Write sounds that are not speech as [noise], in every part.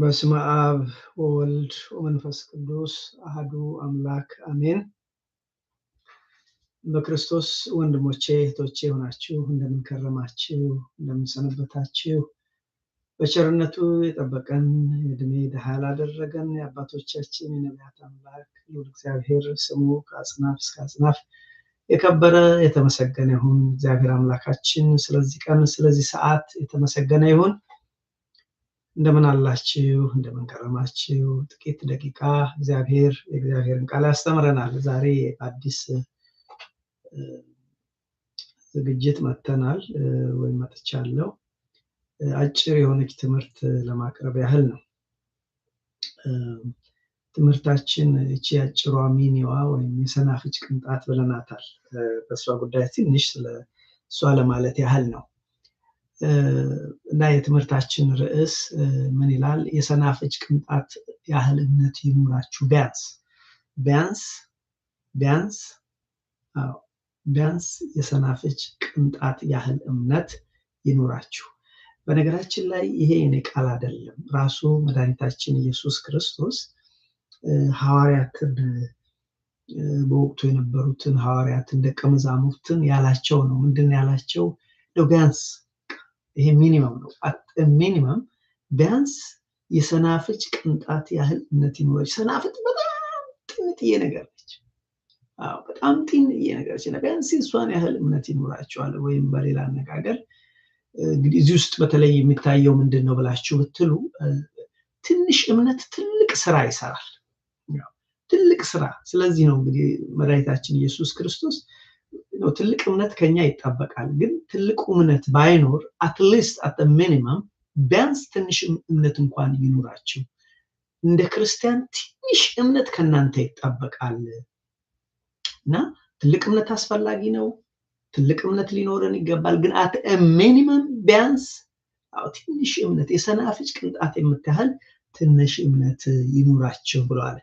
በስመ አብ ወወልድ ወመንፈስ ቅዱስ አህዱ አምላክ አሜን። በክርስቶስ ወንድሞቼ እህቶቼ ሆናችሁ እንደምንከረማችሁ እንደምንሰነበታችሁ፣ በቸርነቱ የጠበቀን እድሜ ድሃ ላደረገን የአባቶቻችን የነቢያት አምላክ ልዑል እግዚአብሔር ስሙ ከአጽናፍ እስከ አጽናፍ የከበረ የተመሰገነ ይሁን። እግዚአብሔር አምላካችን ስለዚህ ቀን ስለዚህ ሰዓት የተመሰገነ ይሁን። እንደምን አላችሁ? እንደምን ከረማችሁ? ጥቂት ደቂቃ እግዚአብሔር የእግዚአብሔርን ቃል ያስተምረናል። ዛሬ አዲስ ዝግጅት መጥተናል ወይም መጥቻለሁ። አጭር የሆነች ትምህርት ለማቅረብ ያህል ነው። ትምህርታችን እቺ አጭሯ ሚኒዋ ወይም የሰናፍጭ ቅንጣት ብለናታል። በእሷ ጉዳይ ትንሽ ስለ እሷ ለማለት ያህል ነው። እና የትምህርታችን ርዕስ ምን ይላል? የሰናፍጭ ቅንጣት ያህል እምነት ይኑራችሁ ቢያንስ ቢያንስ ቢያንስ ቢያንስ የሰናፍጭ ቅንጣት ያህል እምነት ይኑራችሁ። በነገራችን ላይ ይሄ የኔ ቃል አይደለም። ራሱ መድኃኒታችን ኢየሱስ ክርስቶስ ሐዋርያትን በወቅቱ የነበሩትን ሐዋርያትን ደቀ መዛሙርትን ያላቸው ነው። ምንድን ያላቸው? ቢያንስ ይሄ ሚኒመም ነው። ሚኒመም ቢያንስ የሰናፍጭ ቅንጣት ያህል እምነት ይኖረች። ሰናፍጭ በጣም ጥንጥዬ ነገር ነች። በጣም ጥንጥዬ ነገር ነች። ቢያንስ እሷን ያህል እምነት ይኖራቸዋል። ወይም በሌላ አነጋገር እንግዲህ እዚህ ውስጥ በተለይ የሚታየው ምንድን ነው ብላችሁ ብትሉ ትንሽ እምነት ትልቅ ስራ ይሰራል። ትልቅ ስራ። ስለዚህ ነው እንግዲህ መድኃኒታችን ኢየሱስ ክርስቶስ ትልቅ እምነት ከኛ ይጠበቃል። ግን ትልቁ እምነት ባይኖር አትሊስት አት ሚኒመም ቢያንስ ትንሽ እምነት እንኳን ይኑራችው እንደ ክርስቲያን ትንሽ እምነት ከእናንተ ይጠበቃል እና ትልቅ እምነት አስፈላጊ ነው። ትልቅ እምነት ሊኖረን ይገባል። ግን አት ሚኒመም ቢያንስ ትንሽ እምነት የሰናፍጭ ቅንጣት የምታህል ትንሽ እምነት ይኑራቸው ብለዋል።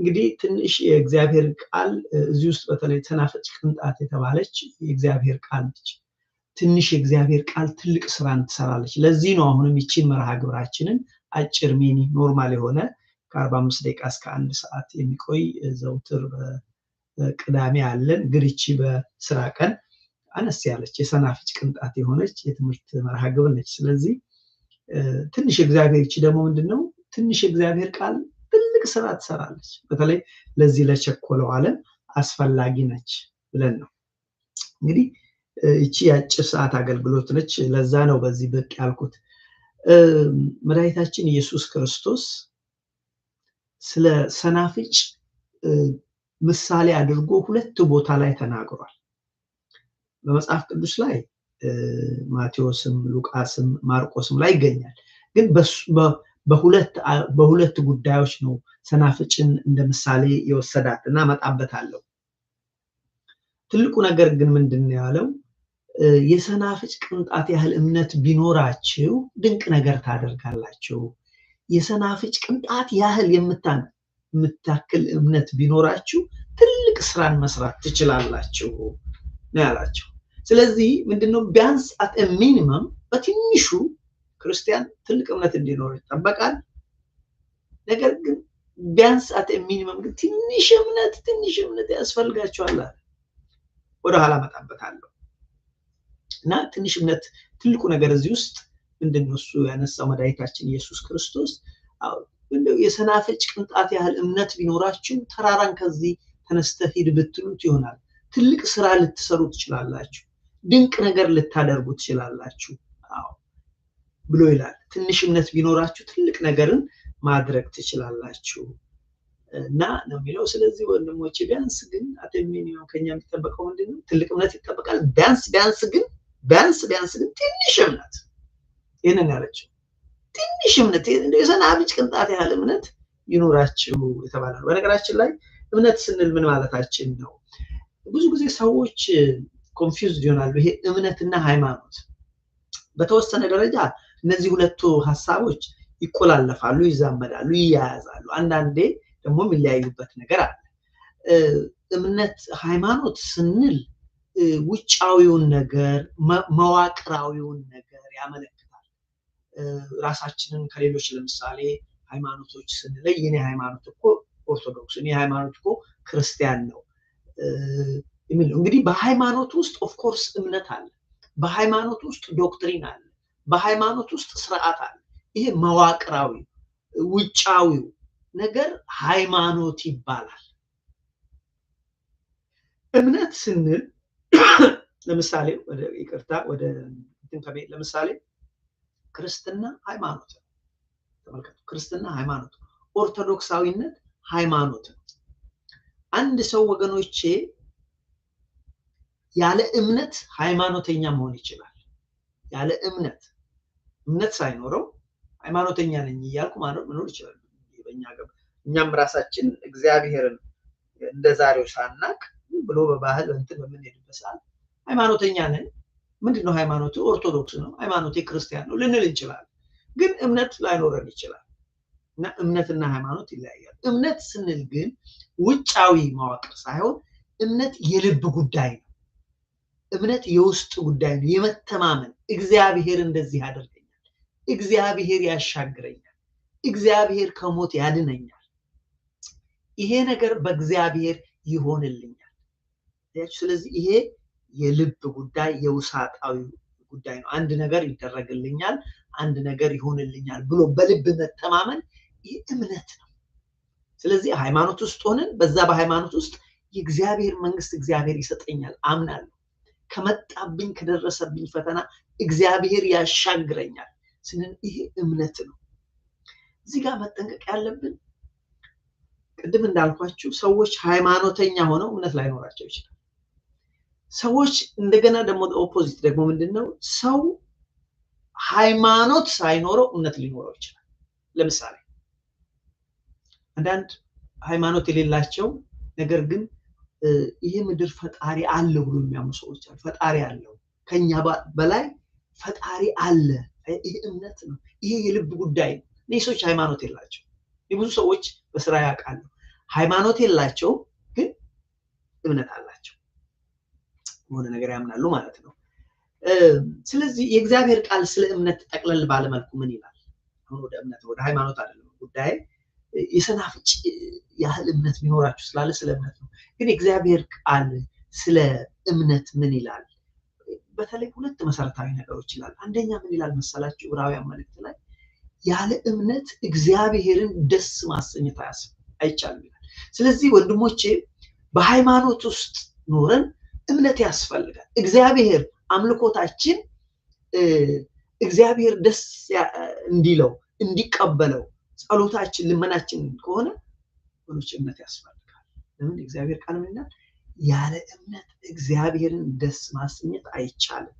እንግዲህ ትንሽ የእግዚአብሔር ቃል እዚህ ውስጥ በተለይ ተናፈጭ ቅንጣት የተባለች የእግዚአብሔር ቃል ነች። ትንሽ የእግዚአብሔር ቃል ትልቅ ስራን ትሰራለች። ለዚህ ነው አሁንም ይችን መርሃ ግብራችንን አጭር ሚኒ ኖርማል የሆነ ከ45 ደቂቃ እስከ አንድ ሰዓት የሚቆይ ዘውትር ቅዳሜ አለን። ግርቺ በስራ ቀን አነስ ያለች የሰናፍጭ ቅንጣት የሆነች የትምህርት መርሃ ግብር ነች። ስለዚህ ትንሽ እግዚአብሔር ይቺ ደግሞ ምንድን ነው ትንሽ እግዚአብሔር ቃል ስራ ትሰራለች። በተለይ ለዚህ ለቸኮለው ዓለም አስፈላጊ ነች ብለን ነው እንግዲህ እቺ የአጭር ሰዓት አገልግሎት ነች። ለዛ ነው በዚህ ብቅ ያልኩት። መድኃኒታችን ኢየሱስ ክርስቶስ ስለ ሰናፍጭ ምሳሌ አድርጎ ሁለት ቦታ ላይ ተናግሯል። በመጽሐፍ ቅዱስ ላይ ማቴዎስም፣ ሉቃስም፣ ማርቆስም ላይ ይገኛል። ግን በሁለት በሁለት ጉዳዮች ነው ሰናፍጭን እንደ ምሳሌ የወሰዳት እና መጣበታለሁ። ትልቁ ነገር ግን ምንድን ነው ያለው? የሰናፍጭ ቅንጣት ያህል እምነት ቢኖራችሁ ድንቅ ነገር ታደርጋላችሁ። የሰናፍጭ ቅንጣት ያህል የምታክል እምነት ቢኖራችሁ ትልቅ ስራን መስራት ትችላላችሁ ነው ያላቸው። ስለዚህ ምንድነው ቢያንስ አት ሚኒመም በትንሹ ክርስቲያን ትልቅ እምነት እንዲኖር ይጠበቃል። ነገር ግን ቢያንስ አት ሚኒመም ግን ትንሽ እምነት ትንሽ እምነት ያስፈልጋቸዋል። ወደኋላ መጣበታለሁ እና ትንሽ እምነት ትልቁ ነገር እዚህ ውስጥ ምንድን ነው እሱ ያነሳው መድኃኒታችን ኢየሱስ ክርስቶስ የሰናፍጭ ቅንጣት ያህል እምነት ቢኖራችሁ ተራራን ከዚህ ተነስተ ሂድ ብትሉት ይሆናል። ትልቅ ስራ ልትሰሩ ትችላላችሁ። ድንቅ ነገር ልታደርጉ ትችላላችሁ። ብሎ ይላል። ትንሽ እምነት ቢኖራችሁ ትልቅ ነገርን ማድረግ ትችላላችሁ እና ነው የሚለው። ስለዚህ ወንድሞች ቢያንስ ግን አቴሚኒዮ ከኛ የሚጠበቀው ምንድን ነው? ትልቅ እምነት ይጠበቃል። ቢያንስ ቢያንስ ግን ቢያንስ ቢያንስ ግን ትንሽ እምነት ይህንን ያለችው ትንሽ እምነት የሰናብጭ ቅንጣት ያህል እምነት ይኖራችሁ የተባለ ነው። በነገራችን ላይ እምነት ስንል ምን ማለታችን ነው? ብዙ ጊዜ ሰዎች ኮንፊውዝድ ይሆናሉ። ይሄ እምነትና ሃይማኖት በተወሰነ ደረጃ እነዚህ ሁለቱ ሀሳቦች ይቆላለፋሉ፣ ይዛመዳሉ፣ ይያያዛሉ። አንዳንዴ ደግሞ የሚለያዩበት ነገር አለ። እምነት ሃይማኖት ስንል ውጫዊውን ነገር መዋቅራዊውን ነገር ያመለክታል። ራሳችንን ከሌሎች ለምሳሌ ሃይማኖቶች ስንለይ የኔ ሃይማኖት እኮ ኦርቶዶክስ፣ እኔ ሃይማኖት እኮ ክርስቲያን ነው የሚል እንግዲህ በሃይማኖት ውስጥ ኦፍኮርስ እምነት አለ። በሃይማኖት ውስጥ ዶክትሪን አለ። በሃይማኖት ውስጥ ስርዓት አለ። ይሄ መዋቅራዊ ውጫዊው ነገር ሃይማኖት ይባላል። እምነት ስንል [coughs] ለምሳሌ ወደ ይቅርታ ወደ ለምሳሌ ክርስትና ሃይማኖት ነው። ተመልከቱ፣ ክርስትና ሃይማኖት ነው። ኦርቶዶክሳዊነት ሃይማኖት ነው። አንድ ሰው ወገኖቼ ያለ እምነት ሃይማኖተኛ መሆን ይችላል። ያለ እምነት እምነት ሳይኖረው ሃይማኖተኛ ነኝ እያልኩ ማኖር መኖር ይችላል። በኛ ገብ እኛም ራሳችን እግዚአብሔርን እንደ ዛሬው ሳናቅ ብሎ በባህል እንትን በምንሄድበት ሰዓት ሃይማኖተኛ ነን፣ ምንድነው ሃይማኖቱ? ኦርቶዶክስ ነው፣ ሃይማኖቴ ክርስቲያን ነው ልንል እንችላለን። ግን እምነት ላይኖረን ይችላል እና እምነትና ሃይማኖት ይለያያል። እምነት ስንል ግን ውጫዊ መዋቅር ሳይሆን እምነት የልብ ጉዳይ ነው። እምነት የውስጥ ጉዳይ ነው። የመተማመን እግዚአብሔር እንደዚህ አድርግ እግዚአብሔር ያሻግረኛል፣ እግዚአብሔር ከሞት ያድነኛል፣ ይሄ ነገር በእግዚአብሔር ይሆንልኛል። ስለዚህ ይሄ የልብ ጉዳይ የውሳጣዊ ጉዳይ ነው። አንድ ነገር ይደረግልኛል፣ አንድ ነገር ይሆንልኛል ብሎ በልብ መተማመን ይህ እምነት ነው። ስለዚህ ሃይማኖት ውስጥ ሆንን፣ በዛ በሃይማኖት ውስጥ የእግዚአብሔር መንግስት እግዚአብሔር ይሰጠኛል አምናለሁ። ከመጣብኝ ከደረሰብኝ ፈተና እግዚአብሔር ያሻግረኛል ስንል ይሄ እምነት ነው። እዚህ ጋር መጠንቀቅ ያለብን ቅድም እንዳልኳችሁ ሰዎች ሃይማኖተኛ ሆነው እምነት ላይኖራቸው ይችላል። ሰዎች እንደገና ደግሞ ኦፖዚት ደግሞ ምንድን ነው? ሰው ሃይማኖት ሳይኖረው እምነት ሊኖረው ይችላል። ለምሳሌ አንዳንድ ሃይማኖት የሌላቸው ነገር ግን ይህ ምድር ፈጣሪ አለ ብሎ የሚያምኑ ሰዎች አሉ። ፈጣሪ አለው ከኛ በላይ ፈጣሪ አለ ይህ እምነት ነው። ይሄ የልብ ጉዳይ ነው። እነዚህ ሰዎች ሃይማኖት የላቸው። የብዙ ሰዎች በስራ ያውቃሉ። ሃይማኖት የላቸው፣ ግን እምነት አላቸው። የሆነ ነገር ያምናሉ ማለት ነው። ስለዚህ የእግዚአብሔር ቃል ስለ እምነት ጠቅለል ባለመልኩ ምን ይላል? አሁን ወደ እምነት ወደ ሃይማኖት አይደለም ጉዳይ የሰናፍጭ ያህል እምነት ቢኖራችሁ ስላለ ስለ እምነት ነው። ግን የእግዚአብሔር ቃል ስለ እምነት ምን ይላል? በተለይ ሁለት መሰረታዊ ነገሮች ይላል። አንደኛ ምን ይላል መሰላችሁ? ዕብራውያን መልእክት ላይ ያለ እምነት እግዚአብሔርን ደስ ማሰኘት አይቻልም ይላል። ስለዚህ ወንድሞቼ በሃይማኖት ውስጥ ኖረን እምነት ያስፈልጋል። እግዚአብሔር አምልኮታችን እግዚአብሔር ደስ እንዲለው እንዲቀበለው ጸሎታችን ልመናችን ከሆነ እምነት ያስፈልጋል። ለምን እግዚአብሔር ቃል ያለ እምነት እግዚአብሔርን ደስ ማሰኘት አይቻልም።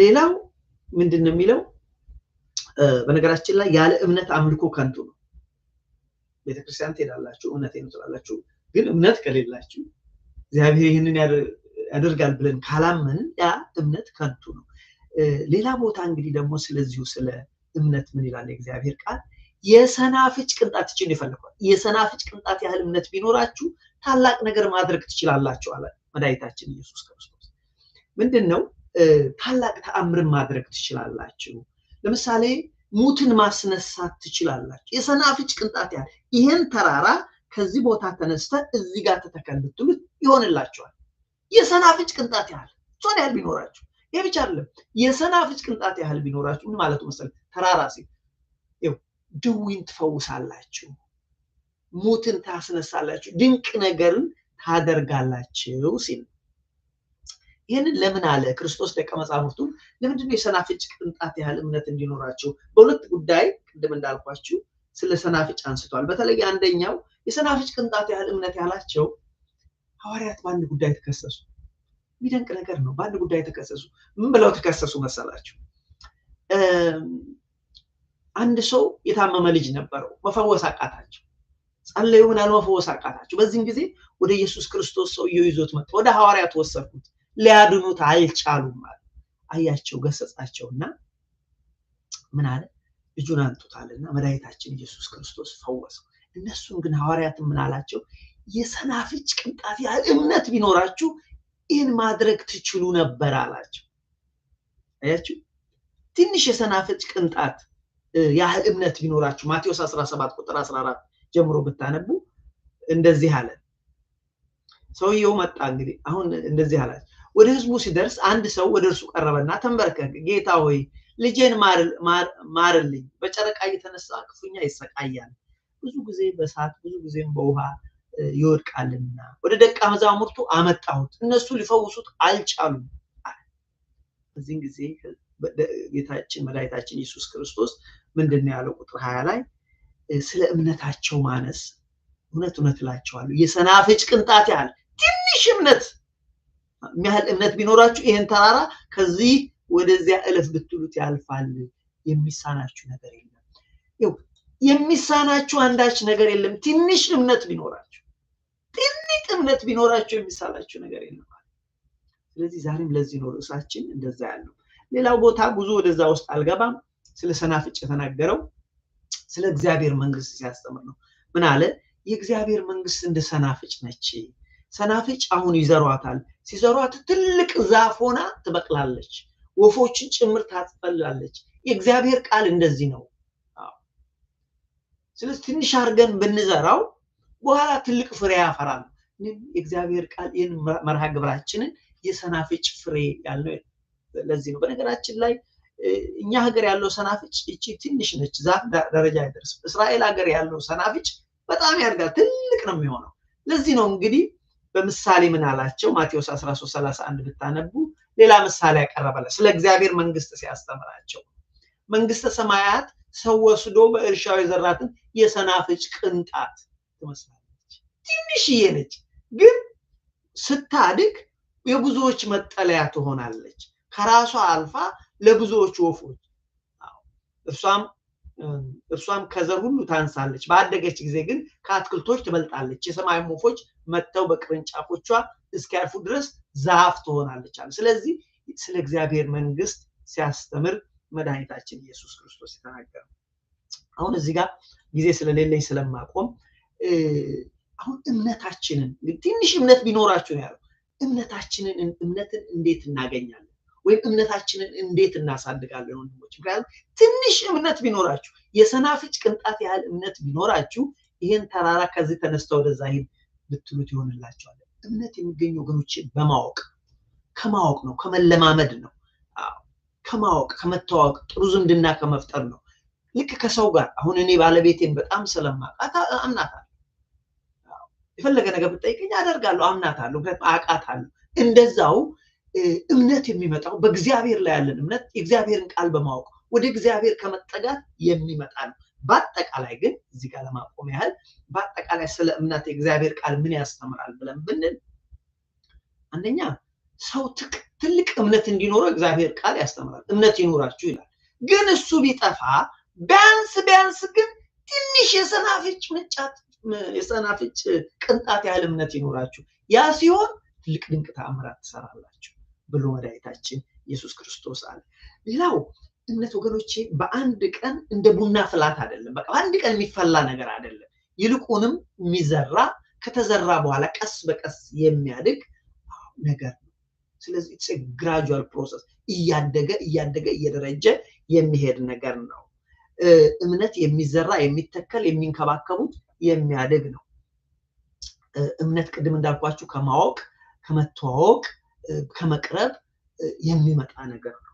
ሌላው ምንድን ነው የሚለው? በነገራችን ላይ ያለ እምነት አምልኮ ከንቱ ነው። ቤተክርስቲያን ትሄዳላችሁ፣ እምነት ነው ትላላችሁ። ግን እምነት ከሌላችሁ እግዚአብሔር ይህንን ያደርጋል ብለን ካላመንን ያ እምነት ከንቱ ነው። ሌላ ቦታ እንግዲህ ደግሞ ስለዚሁ ስለ እምነት ምን ይላል የእግዚአብሔር ቃል? የሰናፍጭ ቅንጣት ይችን ይፈልጓል። የሰናፍጭ ቅንጣት ያህል እምነት ቢኖራችሁ ታላቅ ነገር ማድረግ ትችላላችሁ አለ መድኃኒታችን ኢየሱስ ክርስቶስ። ምንድን ነው ታላቅ ተአምርን ማድረግ ትችላላችሁ። ለምሳሌ ሙትን ማስነሳት ትችላላችሁ። የሰናፍጭ ቅንጣት ያህል ይህን ተራራ ከዚህ ቦታ ተነስተ እዚህ ጋር ተተከል ብትሉት ይሆንላችኋል። የሰናፍጭ ቅንጣት ያህል እሷን ያህል ቢኖራችሁ ይህ ብቻ አይደለም። የሰናፍጭ ቅንጣት ያህል ቢኖራችሁ ምን ማለቱ መሰለህ? ተራራ ሲል ድዊን ትፈውሳላችሁ፣ ሙትን ታስነሳላችሁ፣ ድንቅ ነገርን ታደርጋላችሁ ሲል ይህንን ለምን አለ ክርስቶስ ደቀ መዛሙርቱን? ለምንድነው የሰናፍጭ ቅንጣት ያህል እምነት እንዲኖራቸው? በሁለት ጉዳይ ቅድም እንዳልኳችሁ ስለ ሰናፍጭ አንስቷል። በተለይ አንደኛው የሰናፍጭ ቅንጣት ያህል እምነት ያላቸው ሐዋርያት በአንድ ጉዳይ ተከሰሱ። የሚደንቅ ነገር ነው። በአንድ ጉዳይ ተከሰሱ። ምን ብለው ተከሰሱ መሰላችሁ? አንድ ሰው የታመመ ልጅ ነበረው፣ መፈወስ አቃታቸው። ጸለዩ፣ ምናል መፈወስ አቃታቸው። በዚህም ጊዜ ወደ ኢየሱስ ክርስቶስ ሰውየው ይዞት መጣ። ወደ ሐዋርያ ወሰድኩት፣ ሊያድኑት አልቻሉም ማለት አያቸው፣ እና ምን አለ? ልጁን እና መድኃኒታችን ኢየሱስ ክርስቶስ ፈወሰው። እነሱም ግን ሐዋርያት ምን አላቸው? የሰናፍጭ ቅንጣት ያህል እምነት ቢኖራችሁ ይህን ማድረግ ትችሉ ነበር አላቸው። አያችሁ፣ ትንሽ የሰናፍጭ ቅንጣት ያህል እምነት ቢኖራችሁ ማቴዎስ 17 ቁጥር 14 ጀምሮ ብታነቡ እንደዚህ አለ። ሰውየው መጣ እንግዲህ አሁን እንደዚህ አለ። ወደ ህዝቡ ሲደርስ አንድ ሰው ወደ እርሱ ቀረበና ተንበርከ ጌታ ሆይ ልጄን ማርልኝ፣ በጨረቃ እየተነሳ ክፉኛ ይሰቃያል፣ ብዙ ጊዜ በሳት ብዙ ጊዜም በውሃ ይወድቃልና ወደ ደቀ መዛሙርቱ አመጣሁት፣ እነሱ ሊፈውሱት አልቻሉም። እዚህን ጊዜ ጌታችን መድኃኒታችን ኢየሱስ ክርስቶስ ምንድን ያለው? ቁጥር ሀያ ላይ ስለ እምነታቸው ማነስ እውነት እውነት እላቸዋለሁ የሰናፍጭ ቅንጣት ያህል ትንሽ እምነት የሚያህል እምነት ቢኖራችሁ ይህን ተራራ ከዚህ ወደዚያ እለፍ ብትሉት ያልፋል። የሚሳናችሁ ነገር የለም። ይኸው የሚሳናችሁ አንዳች ነገር የለም። ትንሽ እምነት ቢኖራችሁ ትንሽ እምነት ቢኖራችሁ የሚሳናችሁ ነገር የለም። ስለዚህ ዛሬም ለዚህ ነው ርዕሳችን እንደዛ ያለው ሌላው ቦታ ብዙ ወደዛ ውስጥ አልገባም። ስለ ሰናፍጭ የተናገረው ስለ እግዚአብሔር መንግስት ሲያስተምር ነው። ምን አለ? የእግዚአብሔር መንግስት እንደ ሰናፍጭ ነች። ሰናፍጭ አሁን ይዘሯታል። ሲዘሯት ትልቅ ዛፍ ሆና ትበቅላለች፣ ወፎችን ጭምር ታጥፈላለች የእግዚአብሔር ቃል እንደዚህ ነው። ስለዚህ ትንሽ አርገን ብንዘራው በኋላ ትልቅ ፍሬ ያፈራል። የእግዚአብሔር ቃል ይህን መርሃ ግብራችንን የሰናፍጭ ፍሬ ያልነው ለዚህ ነው። በነገራችን ላይ እኛ ሀገር ያለው ሰናፍጭ እቺ ትንሽ ነች፣ ዛፍ ደረጃ አይደርስም። እስራኤል ሀገር ያለው ሰናፍጭ በጣም ያድጋል፣ ትልቅ ነው የሚሆነው። ለዚህ ነው እንግዲህ በምሳሌ ምን አላቸው? ማቴዎስ 1331 ብታነቡ ሌላ ምሳሌ ያቀረበለ ስለ እግዚአብሔር መንግስት ሲያስተምራቸው መንግስተ ሰማያት ሰው ወስዶ በእርሻው የዘራትን የሰናፍጭ ቅንጣት ትመስላለች። ትንሽዬ ነች፣ ግን ስታድግ የብዙዎች መጠለያ ትሆናለች። ከራሷ አልፋ ለብዙዎች ወፎች እርሷም ከዘር ሁሉ ታንሳለች። ባደገች ጊዜ ግን ከአትክልቶች ትበልጣለች። የሰማይ ወፎች መጥተው በቅርንጫፎቿ እስኪያርፉ ድረስ ዛፍ ትሆናለች አለ። ስለዚህ ስለ እግዚአብሔር መንግስት ሲያስተምር መድኃኒታችን ኢየሱስ ክርስቶስ የተናገረ አሁን እዚህ ጋር ጊዜ ስለሌለኝ ስለማቆም አሁን እምነታችንን ትንሽ እምነት ቢኖራችሁ ያለው እምነታችንን እምነትን እንዴት እናገኛለን? ወይም እምነታችንን እንዴት እናሳድጋለን ወንድሞች? ምክንያቱም ትንሽ እምነት ቢኖራችሁ የሰናፍጭ ቅንጣት ያህል እምነት ቢኖራችሁ ይህን ተራራ ከዚህ ተነስተ ወደዛ ሂድ ብትሉት ይሆንላቸዋል። እምነት የሚገኙ ወገኖች በማወቅ ከማወቅ ነው፣ ከመለማመድ ነው፣ ከማወቅ ከመተዋወቅ፣ ጥሩ ዝምድና ከመፍጠር ነው። ልክ ከሰው ጋር አሁን እኔ ባለቤቴን በጣም ስለማውቃት አምናታለሁ። የፈለገ ነገር ብጠይቀኝ አደርጋለሁ፣ አምናታለሁ፣ አውቃታለሁ። እንደዛው እምነት የሚመጣው በእግዚአብሔር ላይ ያለን እምነት የእግዚአብሔርን ቃል በማወቅ ወደ እግዚአብሔር ከመጠጋት የሚመጣ ነው። በአጠቃላይ ግን እዚህ ጋር ለማቆም ያህል በአጠቃላይ ስለ እምነት የእግዚአብሔር ቃል ምን ያስተምራል ብለን ብንል አንደኛ ሰው ትልቅ እምነት እንዲኖረው እግዚአብሔር ቃል ያስተምራል። እምነት ይኖራችሁ ይላል። ግን እሱ ቢጠፋ ቢያንስ ቢያንስ ግን ትንሽ የሰናፍጭ ምጫት የሰናፍጭ ቅንጣት ያህል እምነት ይኖራችሁ። ያ ሲሆን ትልቅ ድንቅ ተአምራት ትሰራላችሁ። ብሎ መድኃኒታችን ኢየሱስ ክርስቶስ አለ። ሌላው እምነት ወገኖቼ በአንድ ቀን እንደ ቡና ፍላት አይደለም። በቃ በአንድ ቀን የሚፈላ ነገር አይደለም። ይልቁንም የሚዘራ ከተዘራ በኋላ ቀስ በቀስ የሚያድግ ነገር ነው። ስለዚህ ግራጁዋል ፕሮሰስ እያደገ እያደገ እየደረጀ የሚሄድ ነገር ነው። እምነት የሚዘራ የሚተከል፣ የሚንከባከቡት የሚያድግ ነው። እምነት ቅድም እንዳልኳችሁ ከማወቅ ከመተዋወቅ ከመቅረብ የሚመጣ ነገር ነው።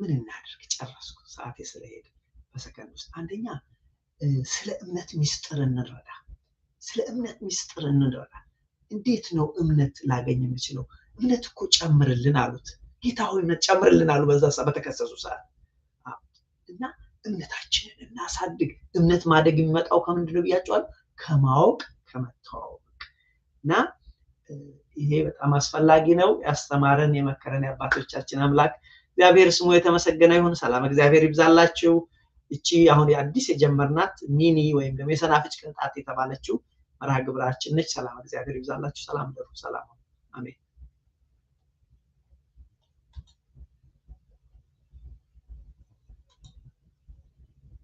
ምን እናድርግ? ጨረስኩ ሰዓቴ ስለሄደ በሰከንድ ውስጥ። አንደኛ ስለ እምነት ሚስጥር እንረዳ። ስለ እምነት ሚስጥር እንረዳ። እንዴት ነው እምነት ላገኝ የምችለው? እምነት እኮ ጨምርልን አሉት። ጌታ ሆይ እምነት ጨምርልን አሉ። በዛ በተከሰሱ ሰዓት እና እምነታችንን እናሳድግ። እምነት ማደግ የሚመጣው ከምንድን ነው ብያቸዋል? ከማወቅ ከመተዋወቅ እና ይሄ በጣም አስፈላጊ ነው። ያስተማረን የመከረን የአባቶቻችን አምላክ እግዚአብሔር ስሙ የተመሰገነ ይሁን። ሰላም እግዚአብሔር ይብዛላችሁ። እቺ አሁን የአዲስ የጀመርናት ሚኒ ወይም ደግሞ የሰናፍጭ ቅንጣት የተባለችው መርሃ ግብራችን ነች። ሰላም እግዚአብሔር ይብዛላችሁ። ሰላም ደሩ። ሰላም አሜን።